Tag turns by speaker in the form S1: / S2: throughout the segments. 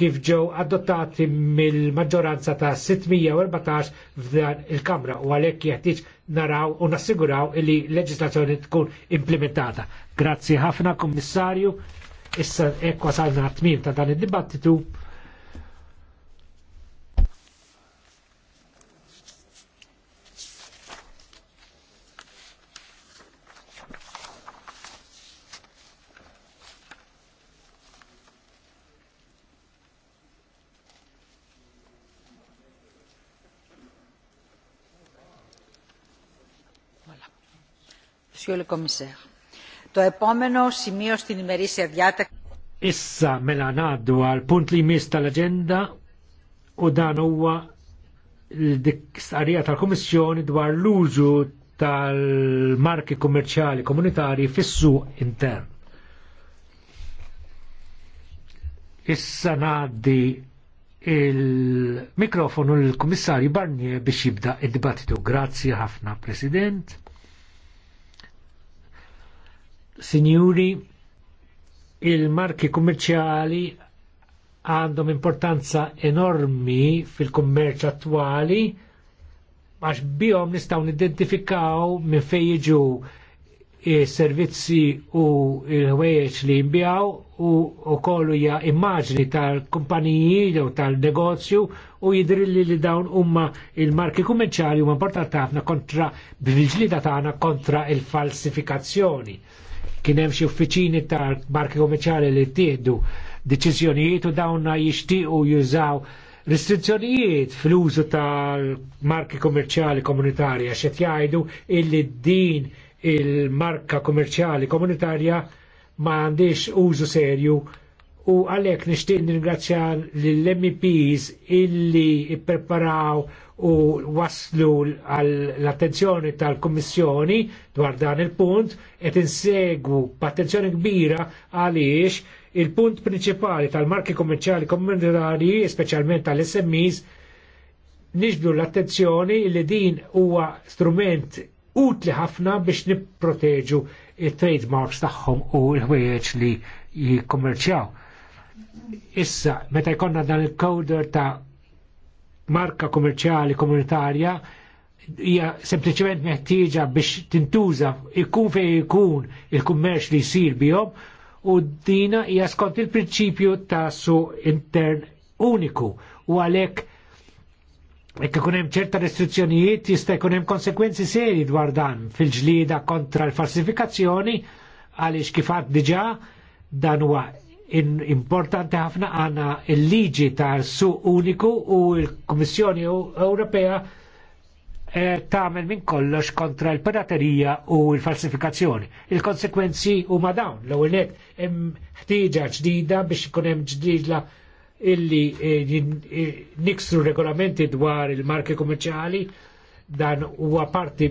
S1: kif ġew adottati mill-maġġoranza ta' 614 f'dan il-Kamra u għalhekk jeħtieġ naraw u nassiguraw li l-leġislazzjoni tkun implementata. Grazzi ħafna, Kummissarju. Issa ekk wasalna tmiem ta' dan id-dibattitu.
S2: Monsieur le Commissaire.
S1: Issa mela ngħaddu għal punt li jmiss tal-aġenda u dan huwa l starija tal-Kummissjoni dwar l-użu tal-marki kummerċjali komunitari fis-suq intern. Issa ngħaddi il-mikrofonu l-Kummissarju Barnier biex jibda id-dibattitu. Grazzi ħafna, President. Signori, il-marki kummerċjali għandhom importanza enormi fil-kummerċ attwali għax bihom nistgħu nidentifikaw minn fejn jiġu servizzi u l-ħwejjeġ li jinbjaw u wkoll hija immaġni tal-kumpaniji jew tal-negozju u jidrilli li dawn huma il-marki kummerċjali huma importanti ħafna kontra bil-ġlida tagħna kontra il-falsifikazzjoni. l il falsifikazzjoni Kien hemm xi uffiċini ta' barki komerċjali li tieħdu deċiżjonijiet u dawna jixtiequ jużaw restrizzjonijiet fl-użu tal-marki kommerċjali komunitarja qed jgħidu illi din il-marka kommerċjali komunitarja ma għandix użu serju u għalek nishtiq ningrazzja l-MEPs illi preparaw u waslu l-attenzjoni tal-Kommissjoni dwar dan il-punt et insegu b'attenzjoni kbira għaliex il-punt principali tal-marki kommerċali kommerċali, specialment tal-SMEs, nixbdu l-attenzjoni li din huwa strument utli ħafna biex nipproteġu il-trademarks tagħhom u l-ħwejjeġ li jikkommerċjaw issa meta jkollna dan il-coder ta' marka kummerċjali komunitarja hija sempliċement meħtieġa biex tintuża ikun fejn ikun il-kummerċ li jsir bihom u dina hija skont il-prinċipju ta' su intern uniku u għalhekk Jekk ikun hemm ċerta restrizzjonijiet jista' jkun hemm konsekwenzi seri dwar dan fil-ġlieda kontra l-falsifikazzjoni għaliex kif għad diġà dan huwa in importanti ħafna għana il-liġi ta' su uniku u l komissjoni Ewropea eh, tagħmel minn kollox kontra l-piraterija u l-falsifikazzjoni. Il-konsekwenzi huma dawn l-ewwel net hemm ħtieġa ġdida biex ikun hemm ġdidla illi eh, eh, niksru regolamenti dwar il-marki kummerċjali dan huwa parti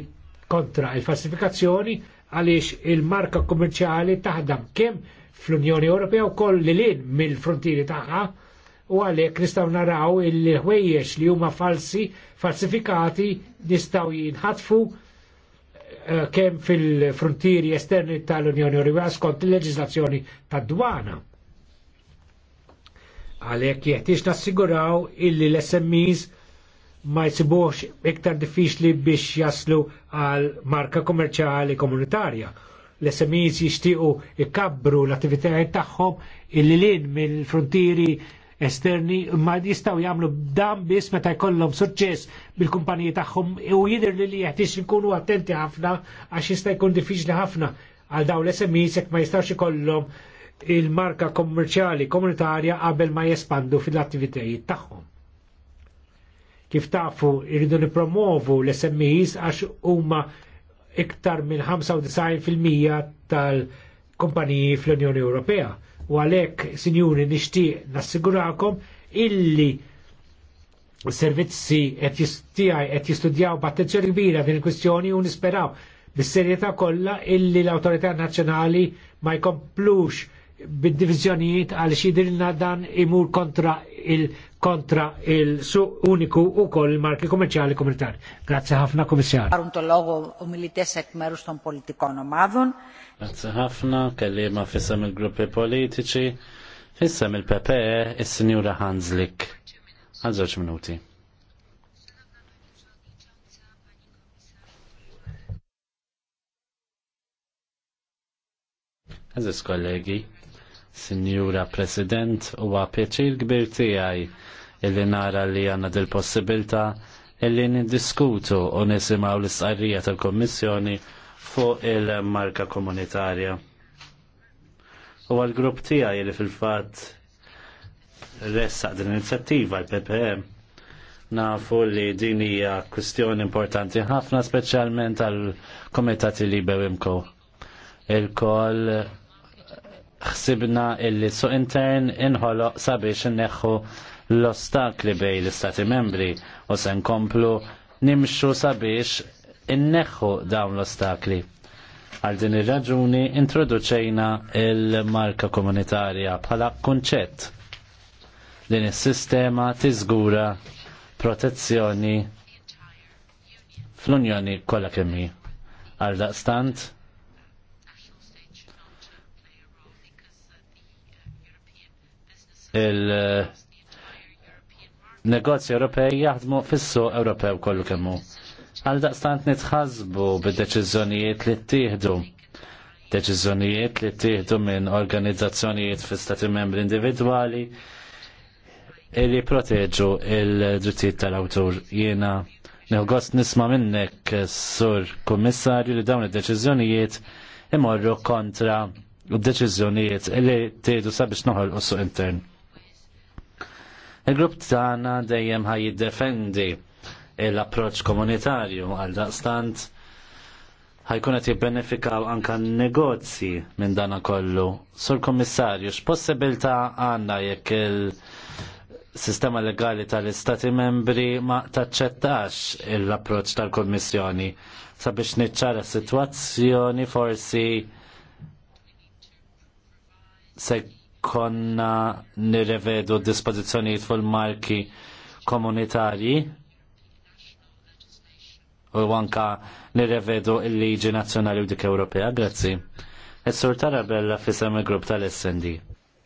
S1: kontra il-falsifikazzjoni għaliex il-marka kummerċjali taħdem kemm fl-Unjoni Ewropea u koll li lin mill-frontieri tagħha u għalhekk nistgħu naraw il ħwejjex li huma falsi, falsifikati nistgħu jinħatfu eh, kemm fil-frontieri esterni tal-Unjoni Ewropea skont il-leġiżlazzjoni tad-dwana. Għalhekk jeħtieġ nassiguraw illi l-SMEs ma jsibux iktar diffiċli biex jaslu għal marka komerċjali komunitarja l-SMEs jixtiequ ikabbru l-attivitajiet tagħhom illi lin mill-frontieri esterni ma jistgħu jagħmlu dan biss meta jkollhom suċċess bil-kumpaniji tagħhom u jidher li li jeħtieġ inkunu attenti ħafna għax jista' jkun diffiċli ħafna għal dawn l-SMEs jekk ma jistgħux ikollhom il-marka kommerċjali komunitarja qabel ma jespandu fil-attivitajiet tagħhom. Kif tafu irridu nipromovu l-SMEs għax huma iktar minn 95% tal-kumpaniji fl-Unjoni Ewropea. U għalhekk, sinjuri, nixtieq nassigurakom illi servizzi qed jistijaj et jistudjaw b'attenzjoni kbira din il-kwistjoni u nisperaw bis-serjetà kollha illi l-awtorità nazzjonali ma jkomplux bid divizjonijiet għal xidrilna dan imur kontra il- kontra il-suq uniku u koll il-marki kommerċjali komunitari. Grazie ħafna komissjar. Għarun
S2: tollogu u milites ek merus ton politikon omadun.
S3: Grazie ħafna, kellima fissam il-gruppi politiċi, fissam il-PPE, il-Sinjura Hanslik. Għazzoċ minuti. Għaziz kollegi, Sinjura President, huwa pjaċir kbir tiegħi illi nara li għandna dil-possibilità illi niddiskutu u nisimgħu l-istqarrija tal-Kommissjoni fuq il-marka komunitarja. U għal-grupp tiegħi li fil-fatt ressaq din inizjattiva l-PPM nafu li din hija kwistjoni importanti ħafna speċjalment għal komitati li bewimko. Il-koll ħsibna illi su intern inħoloq sabiex neħħu l-ostakli bej l-istati membri u se nkomplu nimxu sabiex inneħħu dawn l-ostakli. Għal din ir-raġuni introduċejna il-marka komunitarja bħala kunċett. Din is-sistema tiżgura protezzjoni fl-Unjoni kollha kemm għal daqstant il-negozji Ewropej jaħdmu fissu Ewropew kollu kemmu. Għal daqstant nitħazbu bid-deċiżjonijiet li ttieħdu. Deċiżjonijiet li ttieħdu minn organizzazzjonijiet fi stati membri individwali li proteġu il-drittijiet tal-awtur. Jiena nil nisma minnek, sur Kummissarju, li dawn id deċiżjonijiet imorru kontra d-deċizjonijiet li t sabiex noħol u intern. Il-grupp tagħna dejjem ħaj jiddefendi l-approċ komunitarju għal daqstant ħajkun qed jibbenefikaw anka negozji minn dan kollu. Sur Kommissarju, x'possibilità għandna jekk il-sistema legali tal-Istati membri ma taċċettax l-approċċ tal-Kommissjoni sabiex niċċara s-sitwazzjoni forsi se konna nirrevedu dispozizjoniet fil marki komunitarji u anka nirrevedu il-liġi nazjonali u dik Ewropea. Grazzi. Essur sur Tarabella fisem il-grupp tal-SND.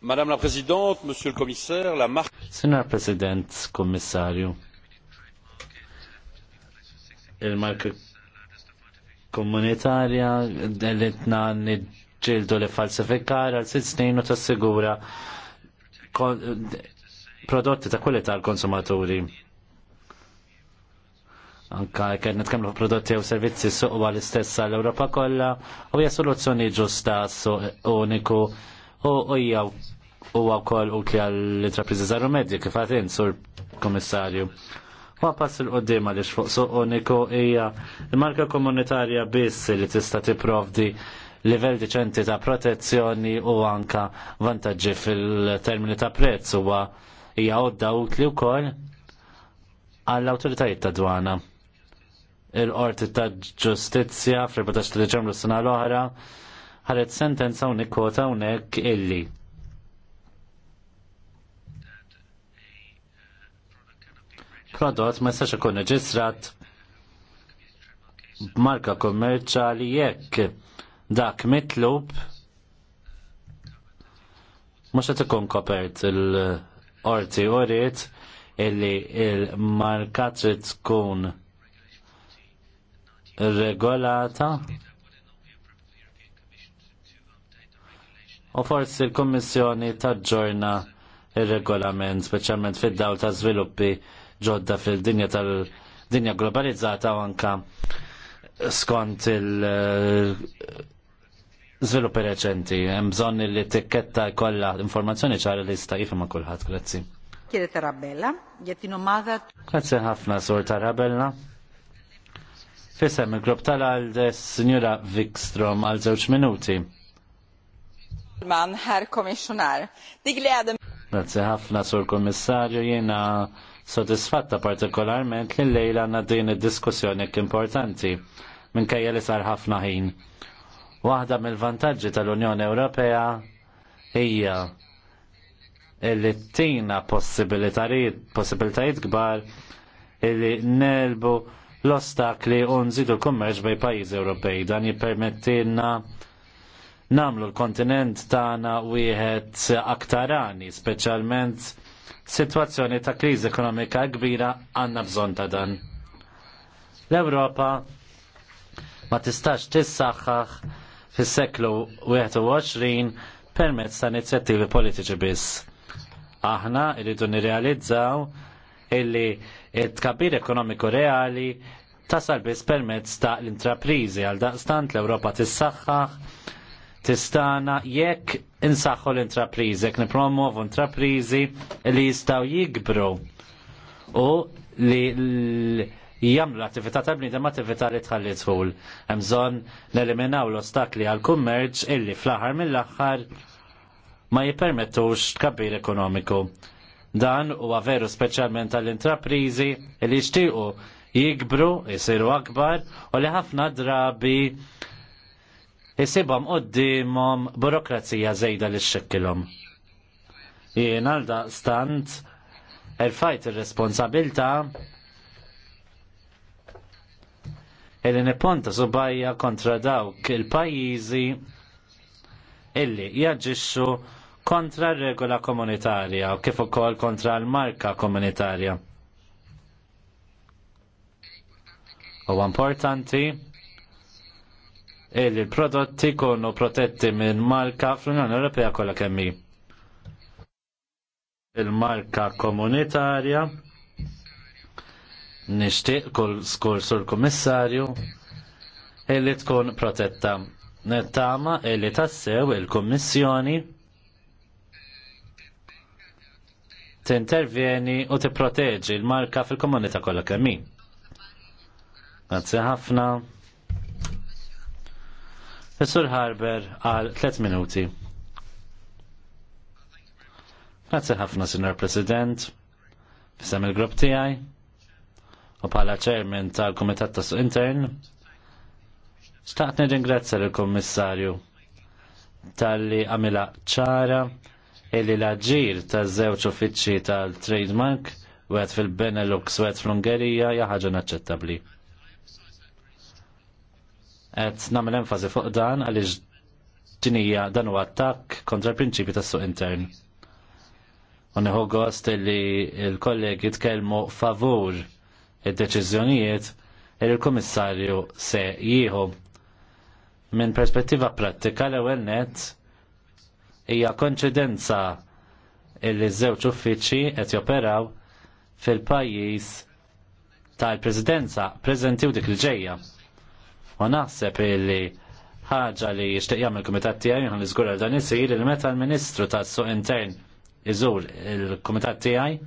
S3: Madame la Présidente, Monsieur le Commissaire, la marque... Signor President, Commissario, il marque komunitarja, delitna ġildu li falsifikar għal sitt snin u tassigura prodotti ta' kulli tal-konsumaturi. Anka kien nitkellmu prodotti u servizzi suq għal istess għall Ewropa kollha u hija soluzzjoni ġusta su uniku u hija u wkoll utli għall-intrapriżi żaru medji kif għatin sur Komissarju. Ma pass il-qoddim għaliex fuq suq uniku hija l-marka komunitarja biss li tista' tipprovdi livell diċenti ta' protezzjoni u anka vantaġġi fil-termini ta' prezz huwa hija għodda utli wkoll għall-awtoritajiet ta' dwana. Il-qorti ta' ġustizzja fl-14 ta' Deċembru s-sena l-oħra ħaret sentenza unik kota unek illi. Prodott ma jistax ikun reġistrat b'marka kummerċali jekk dak mitlub mux għet ikun kopert il-orti u rrit illi il-markatri tkun regolata u forsi l-Kommissjoni taġġorna il-regolament, specialment fid-dawl ta' sviluppi ġodda fil-dinja tal-dinja globalizzata u anka skont il- żviluppi reċenti. Hemm bżonn li tikketta kollha informazzjoni ċara li jista' jifhem kulħadd. Grazzi.
S2: Kier Tarabella, jettin umada.
S3: Grazzi ħafna, Sur Tarabella. Fisem il-grupp tal-Aldes, Signora Wikstrom, għal żewġ minuti.
S2: Man, herr dik li gläder
S3: Grazzi ħafna, Sur Kommissarju, jiena sodisfatta partikolarment li l-lejla għanna din id-diskussjoni importanti minkejja li sar ħafna ħin Waħda mill-vantaġġi tal-Unjoni Ewropea hija li tina possibilitajiet kbar li nelbu l-ostakli u nżidu l-kummerċ bej pajjiżi Ewropej. Dan jippermettilna namlu l-kontinent tagħna wieħed aktarani, speċjalment situazzjoni ta' kriżi ekonomika kbira għandna bżonn ta' dan. L-Ewropa ma tistax tissaħħaħ fis-seklu 21 permezz ta' inizjattivi politiċi biss. Aħna irridu nirrealizzaw illi it-kabir ekonomiku reali tasal biss permezz ta' l-intraprizi għal daqstant l-Ewropa tissaħħaħ tistana jekk insaħħu l-intraprizi, jekk nipromovu intraprizi li jistaw jikbru u li jgħamlu l-attività ta' bniedem attività li tħalli tħul. Hemm bżonn neliminaw l-ostakli għal kummerċ illi fl-aħħar mill-aħħar ma jippermettux tkabbir ekonomiku. Dan huwa veru speċjalment għall intraprizi li jixtiequ jikbru, jisiru akbar u li ħafna drabi jisibhom qoddimhom burokrazija żejda li xekkilom. Jien għal stant il-fajt il responsabilta illi niponta subajja kontra dawk il-pajjiżi illi jaġġixxu kontra r-regola komunitarja u kif ukoll kontra l-marka komunitarja. U importanti illi l-prodotti kunu protetti minn marka fl-Unjoni Ewropea kollha kemm il-marka komunitarja nixtieq kull skur sur kommissarju illi tkun protetta. Nettama illi tassew il-Kummissjoni intervjeni u t-proteġi l-marka fil komunita kollha kemm hi. Grazzi ħafna. Fessur Harber għal 3 minuti. Grazie ħafna, Signor President. Fissam il-grupp tijaj u bħala ċermen tal-Komitat tas Intern, staqt nirringrazzja l-Kommissarju tal-li għamila ċara illi l-ġir ta' żewġ uffiċċji tal-trademark u għed fil-Benelux u għed fl-Ungerija jaħħaġa naċċettabli. Għed namel enfasi fuq dan għalli ġinija dan u attakk kontra l-prinċipi tas suq intern. hu gost illi il-kollegi tkellmu favur id-deċiżjonijiet li l-Kummissarju se jieħu. Minn perspettiva prattika l-ewwel nett hija konċidenza illi żewġ uffiċċji qed joperaw fil-pajjiż tal-Presidenza preżenti u dik li ġejja. U naħseb illi ħaġa li jixtieq jagħmel kumitat tiegħi jieħu għal dan isir li meta l-Ministru tas-Suq Intern iżur il-Kumitat tiegħi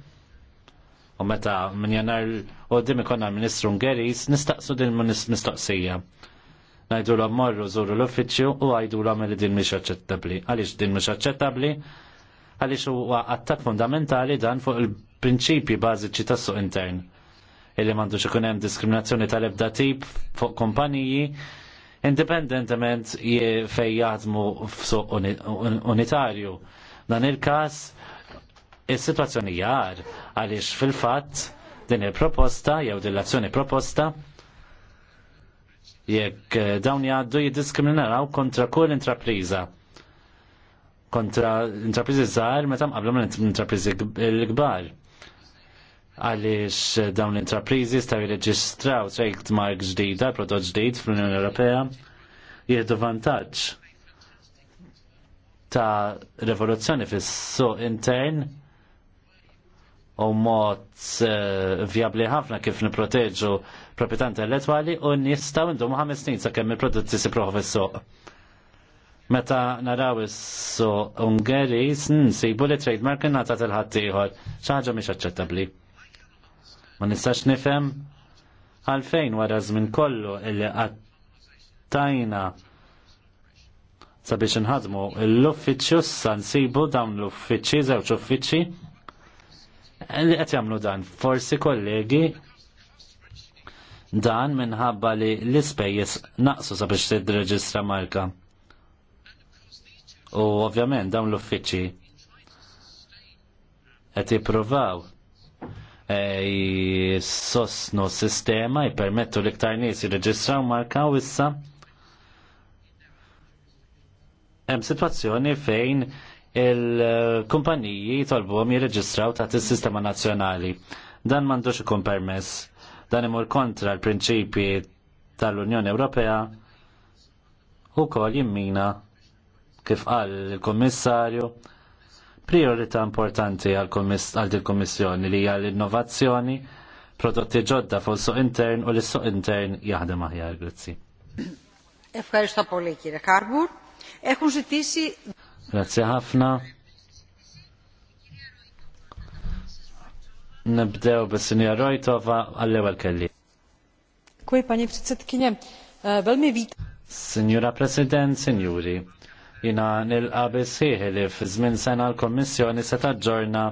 S3: U meta minn jannar u dim ikonna ministru Ungeris nistaqsu din mistoqsija. Najdu l morru zuru l-uffiċju u għajdu l li din mish aċċettabli. Għalix din mish aċċettabli? Għalix huwa attak fundamentali dan fuq il-prinċipji bażiċi tas-suq intern illi mandu ikun hemm diskriminazzjoni tal-ebda tip fuq kumpaniji indipendentement fej jaħdmu f'suq unitarju. Dan il-każ Is-sitwazzjoni jar għaliex fil-fatt din il-proposta jew din l-azzjoni proposta jekk eh, dawn jgħaddu jiddiskriminaw kontra kull intrapriża kontra intrapriżi żgħar meta mqabblu minn intrapriżi l-kbar. Għaliex dawn l-intrapriżi staw jirreġistraw mark ġdida, prodott ġdid fl-Unjoni Ewropea, jieħdu vantaġġ ta' rivoluzzjoni fis-suq intern u mod eh, vjabli ħafna kif niproteġu proprjetà intellettwali u nistaw indum ħames snin sakemm il-prodotti siproħu fis soq Meta naraw is-suq Ungeris nsibu hmm, li trademark ingħata il-ħadd ieħor xi ħaġa mhix aċċettabbli. Ma nistax nifhem għalfejn wara żmien kollu illi qattajna sabiex inħadmu l-uffiċċju sa nsibu dawn l-uffiċċji żewġ uffiċċji li qed jagħmlu dan. Forsi kollegi dan minħabba li l-ispejjeż naqsu sabiex t-reġistra marka. U ovvjament dawn l-uffiċċji qed jippruvaw e, sistema jpermettu l-iktar nies jirreġistraw marka u issa hemm sitwazzjoni fejn il-kumpaniji għom jirreġistraw taħt is-sistema nazzjonali. Dan m'għandux ikun permess. Dan imur kontra l prinċipi tal-Unjoni Ewropea u kol jimmina kif għal il-Kommissarju priorita importanti għal il-Kommissjoni li hija l-innovazzjoni, prodotti ġodda fuq suq intern u li suq intern jaħdem aħjar, grazzi.
S2: Efkarista Poli, kire Karbur. Ekkun
S3: Grazzi ħafna. Nibdew bis-Sinja Rojtova għall-ewwel kelli.
S2: Kwej pani ftit eh, velmi vit.
S3: Sinjura President, Sinjuri, jina nil bisħiħ li f'żmien sena l-Kommissjoni se taġġorna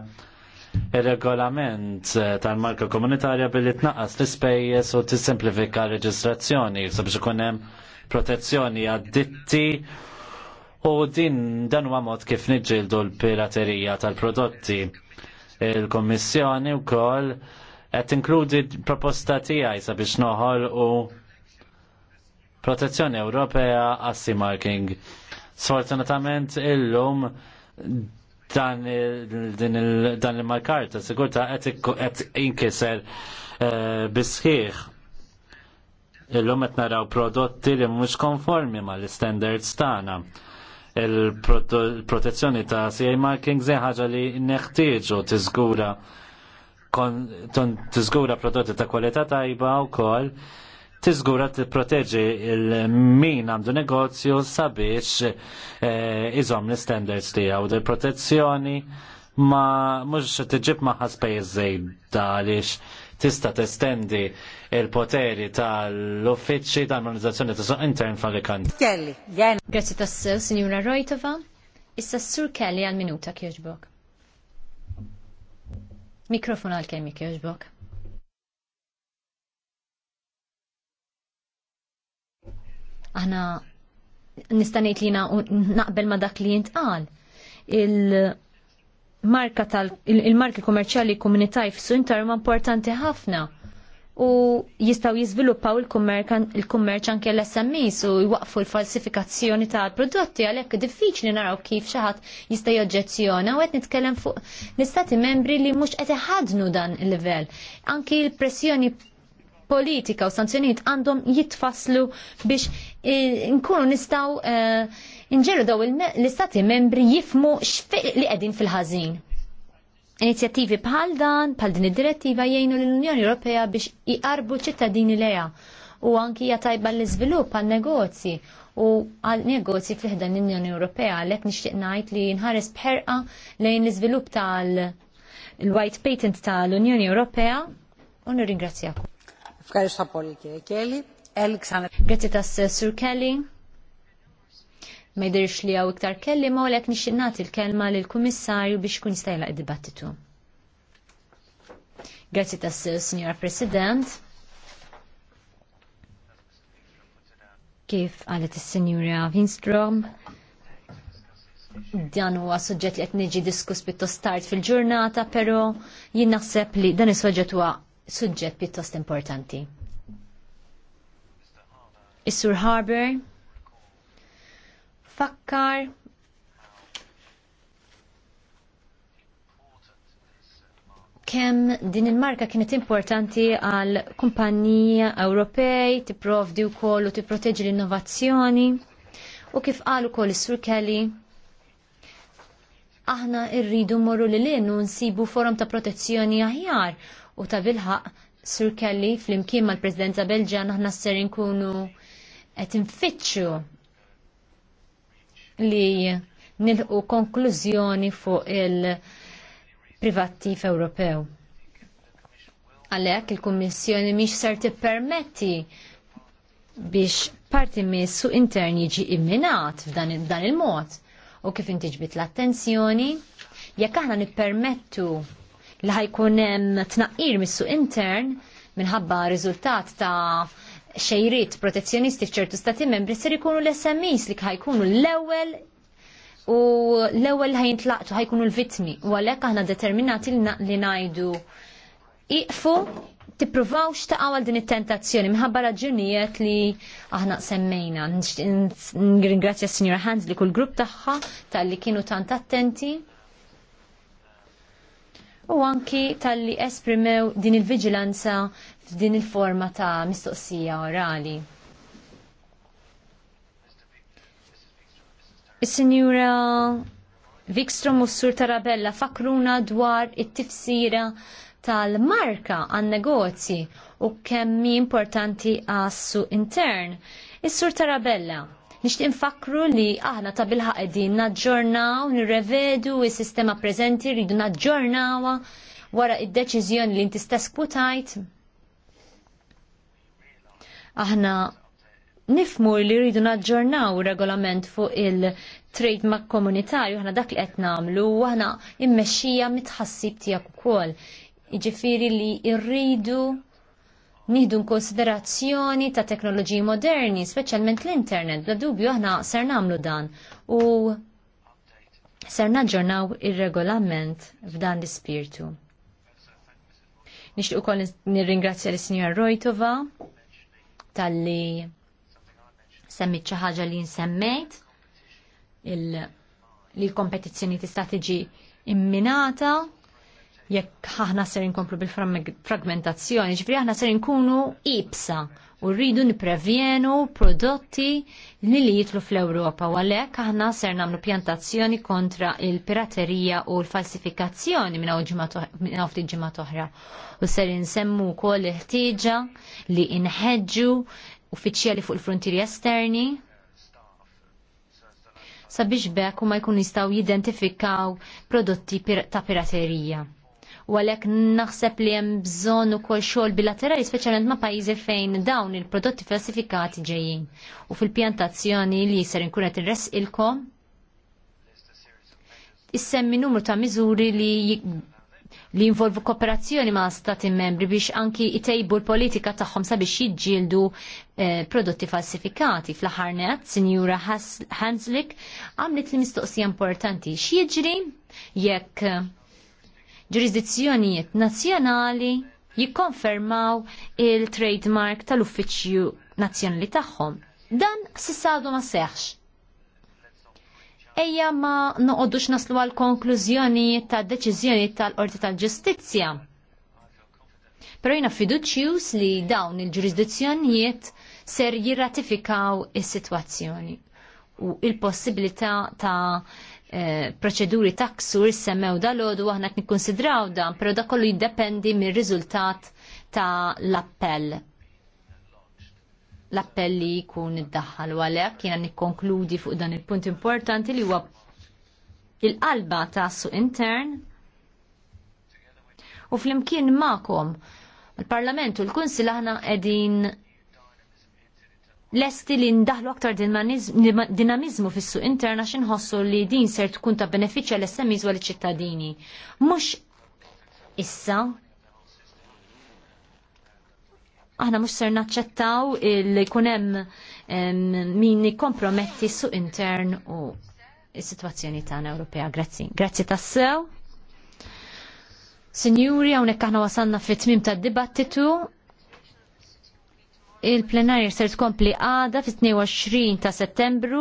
S3: il-regolament eh, tal-marka komunitarja billi tnaqqas l-ispejjeż u tissimplifika r reġistrazzjoni sabiex ikun hemm protezzjoni għad-ditti U din dan huwa mod kif niġġieldu l-piraterija tal-prodotti. Il-Kommissjoni wkoll qed tinkludi proposta tiegħi sabiex noħol u protezzjoni Ewropea għassi marking. Sfortunatament illum dan il-markar ta' sigurta qed inkiser eh, bisħiħ illum qed naraw prodotti li mhux konformi mal-standards tagħna il-protezzjoni ta' CA marking ħaġa li neħtieġu tiżgura tiżgura prodotti ta' kwalità tajba wkoll tiżgura tipproteġi il-min għandu negozju sabiex eh, iżom l-standards tiegħu il protezzjoni ma mhux tiġib magħha spejjeż żejda għaliex tista testendi il-poteri tal-uffiċċji tal organizzazzjoni ta' suq intern fl-Alikant.
S2: Kelly, gen. Signora tassew, Rojtova. Issa s-sur Kelly għal-minuta kjoġbok. Mikrofon għal kemmi kjoġbok. Aħna nistanejt li naqbel ma dak li jintqal marka tal il-marki kummerċjali komunitaj fissu intar ma importanti ħafna u jistaw jizviluppaw il-kummerċ anke l-SMEs u jwaqfu l-falsifikazzjoni ta' prodotti għalhekk diffiċli naraw kif xi ħadd jista' joġġezzjona u qed nitkellem fuq l-istati membri li mhux qed iħadnu dan il-livell. Anki l-pressjoni politika u sanzjonijiet għandhom jitfaslu biex eh, nkunu nistaw eh, nġeru daw l-istati membri jifmu xfiq li qegħdin fil-ħażin. Inizjattivi bħal dan, bħal din id-direttiva jgħinu l-Unjoni Ewropea biex iqarbu ċittadini leja u anki jatajba l izvilup għal negozji u għal negozji fl-ħdan l-Unjoni Ewropea għalek nixtieq ngħid li nħares bħerqa lejn l izvilup tal-White Patent tal-Unjoni Ewropea u nirringrazzjakom. Ευχαριστώ Grazie tas Sur Kelly. Ma jidirx li għaw iktar kelli ma għolek nixinnat il-kelma l kummissarju biex kun jistajla id-dibattitu. Grazie tas Signora President. Kif għalet is signora Winstrom, dan huwa suġġett li qed niġi diskuss pittost tard fil-ġurnata, però jien naħseb li dan is-suġġett huwa suġġett pjuttost importanti. Is-Sur Harbour fakkar kemm din il-marka kienet importanti għal kumpanija Ewropej tipprovdi wkoll u tipproteġi l-innovazzjoni u kif qal ukoll is-Sur Kelly aħna rridu mmorru lil hinn u nsibu forum ta' protezzjoni aħjar u ta' bilħaq Sur Kelly fl-imkien mal-Presidenza naħna aħna ser nkunu qed infittxu li nilħu konklużjoni fuq il-privattiv Ewropew. Għalhekk il-Kummissjoni mhix ser tippermetti biex parti missu intern jiġi imminat f'dan il-mod u kif intiġbit l-attenzjoni, jekk aħna nippermettu li ħajkun hemm tnaqqir missu intern minħabba riżultat ta' xejrit protezzjonisti f'ċertu stati membri ser ikunu l-SMEs li ħajkunu l-ewwel u l-ewwel ħajintlaqtu ħajkunu l-vittmi u għalhekk aħna determinati li ngħidu iqfu tippruvaw xtaqaw għal din it-tentazzjoni minħabba raġunijiet li aħna semmejna. Ngringrazzja s-Sinjora Hans li kull grupp tagħha tal-li kienu tant attenti u anki tal-li esprimew din il-vigilanza f'din il-forma ta' mistoqsija orali. Is-Sinjura Vikstrom u s-Sur Tarabella fakruna dwar it-tifsira tal-marka għan negozji u kemmi importanti għassu intern. Is-Sur Tarabella, Nixtieq infakru li aħna ta' bilħaq qegħdin naġġornaw, nirrevedu is-sistema preżenti rridu naġġornawha wara id-deċiżjoni li inti stess kputajt. Aħna nifmu li rridu naġġornaw regolament fuq il-trademark komunitarju, aħna dak li qed nagħmlu u aħna immexxija mitħassib tiegħek ukoll. Jiġifieri li rridu nieħdu konsiderazzjoni ta' teknoloġiji moderni, speċjalment l-internet, bla dubju aħna ser nagħmlu dan u ser naġġornaw ir-regolament f'dan l-ispirtu. Nixtieq ukoll nirringrazzja l sinjora Rojtova talli semmit xi ħaġa li nsemmejt li l-kompetizzjoni tista' tiġi imminata jekk aħna ser inkomplu bil-fragmentazzjoni, ġifri aħna ser inkunu ibsa u rridu niprevjenu prodotti li li jitlu fl-Europa u għalek aħna ser namlu pjantazzjoni kontra il-piraterija u l-falsifikazzjoni minna ftit ġimma toħra. U ser insemmu kol ħtieġa li inħedġu uffiċjali fuq il-frontieri esterni sabiex bekk u ma jkun jistaw jidentifikaw prodotti ta' piraterija u għalhekk naħseb li hemm bżonn ukoll xogħol bilaterali speċjalment ma' pajjiżi fejn dawn il-prodotti falsifikati ġejjin. U fil-pjantazzjoni li jser inkun qed irresqilkom issemmi numru ta' miżuri li li jinvolvu kooperazzjoni ma' stati membri biex anki itejbu l-politika tagħhom sabiex jiġġieldu eh, prodotti falsifikati fl-aħħar Sinjura Hanslik, għamlet li mistoqsija importanti. X'jiġri jekk ġurisdizzjonijiet nazzjonali jikkonfermaw il-trademark tal-uffiċju nazzjonali tagħhom. Dan sissadu ma seħx. Ejja ma noqodux naslu għal konklużjoni ta' deċiżjoni tal-Qorti tal-Ġustizzja. Pero jina fiduċjus li dawn il-ġurisdizzjonijiet ser jirratifikaw is-sitwazzjoni u il-possibilità ta' Eh, proċeduri taksur semmew dal-ħodu aħna nikkonsidraw dan, pero da kollu jiddependi mir riżultat ta' l-appell. L-appell li jkun iddaħħal għalhekk jiena nikkonkludi fuq dan il-punt importanti li huwa il-qalba ta' suq intern u fl-imkien ma'kom il-Parlament u l-Kunsil aħna qegħdin lesti li ndaħlu aktar dinamizmu fis-suq interna xinħossu li din ser tkun ta' benefiċċja l-SMEs għal ċittadini. Mhux issa aħna mhux ser naċċettaw il jkun hemm min komprometti suq intern u s-sitwazzjoni tagħna Ewropea. Grazzi. Grazzi tassew. Sinjuri, hawnhekk aħna wasanna fit-tmim tad-dibattitu il-plenarja ser tkompli għada fit-22 ta' settembru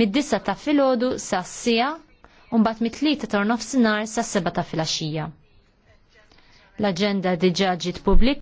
S2: mid-9 ta' filgħodu sa' sija u mbagħad mit-3 ta' nofsinhar sa' 7 ta' filgħaxija. L-aġenda diġà ġiet